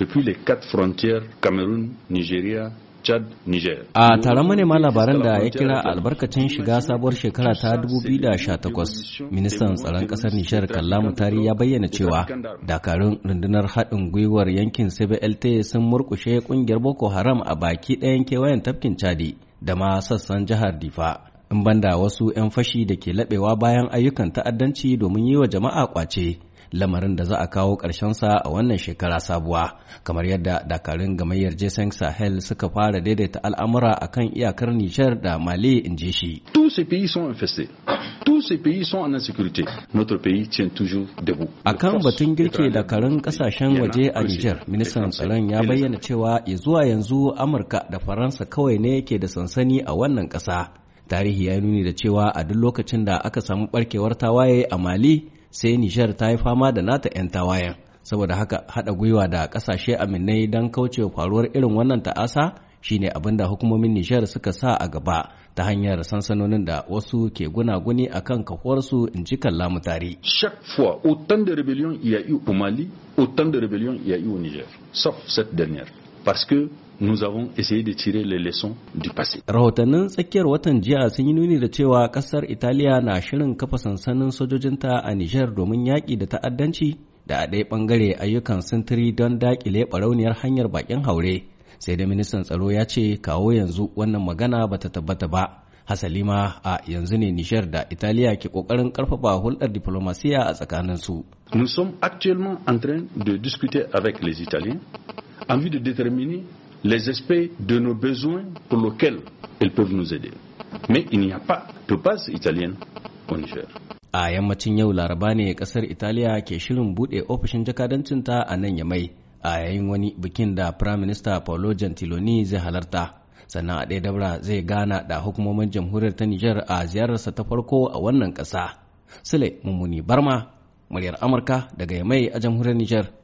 depuis les quatre frontières Cameroun, Nigeria, Chad, Niger. A taron manema labaran da ya kira albarkacin shiga sabuwar shekara ta 2018, ministan tsaron ƙasar Nijar kallamu tari ya bayyana cewa dakarun rundunar haɗin gwiwar yankin CBLT sun murkushe ƙungiyar Boko Haram a baki ɗayan kewayen tafkin Chadi da ma sassan jihar Difa. In banda wasu 'yan fashi da ke laɓewa bayan ayyukan ta'addanci domin yi wa jama'a ƙwace. lamarin da za a kawo sa a wannan shekara sabuwa kamar yadda dakarun gamayyar jason sahel suka fara daidaita al'amura a kan iyakar nijar da mali in ji shi a kan batun girke dakarun kasashen waje a nijar ministan tsaron ya bayyana cewa ya zuwa yanzu amurka da faransa kawai ne ke da sansani a wannan ƙasa tarihi ya nuni da cewa a duk lokacin da aka samu barkewar tawaye a mali sai Nijar ta yi fama da nata 'yan tawayen. Saboda haka haɗa gwiwa da ƙasashe aminai don kaucewa faruwar irin wannan ta'asa shine abin da hukumomin Nijar suka sa a gaba ta hanyar sansanonin da wasu ke gunaguni a kan kafuwarsu in ji kalla mutari. Chaque fois, autant de il Mali, autant de rébellion il y Niger, sauf cette dernière. parce que nous avons essayé de tirer les leçons du passé. Rahotannin tsakiyar watan jiya sun yi nuni da cewa kasar Italiya na shirin kafa sansanin sojojinta a Nijar domin yaƙi da ta'addanci da a ɗaya ɓangare ayyukan sintiri don daƙile ɓarauniyar hanyar baƙin haure. Sai da ministan tsaro ya ce kawo yanzu wannan magana bata tabbata ba. Hasali ma a yanzu ne Nijar da Italiya ke ƙoƙarin ƙarfafa hulɗar diplomasiya a tsakaninsu. Nous sommes actuellement en train de discuter avec les Italiens en vue de déterminer les aspects de nos besoins pour lesquels elles peuvent nous aider. Mais il n'y a pas de base italienne au Niger. A yammacin yau laraba ne kasar Italiya ke shirin buɗe ofishin jakadancinta a nan yamai a yayin wani bikin da Prime Minister Paolo Gentiloni zai halarta. Sannan a ɗaya dabra zai gana da hukumomin jamhuriyar ta Nijar a ziyararsa ta farko a wannan ƙasa. Sule Mummuni Barma, muryar Amurka daga yamai a jamhuriyar Nijar.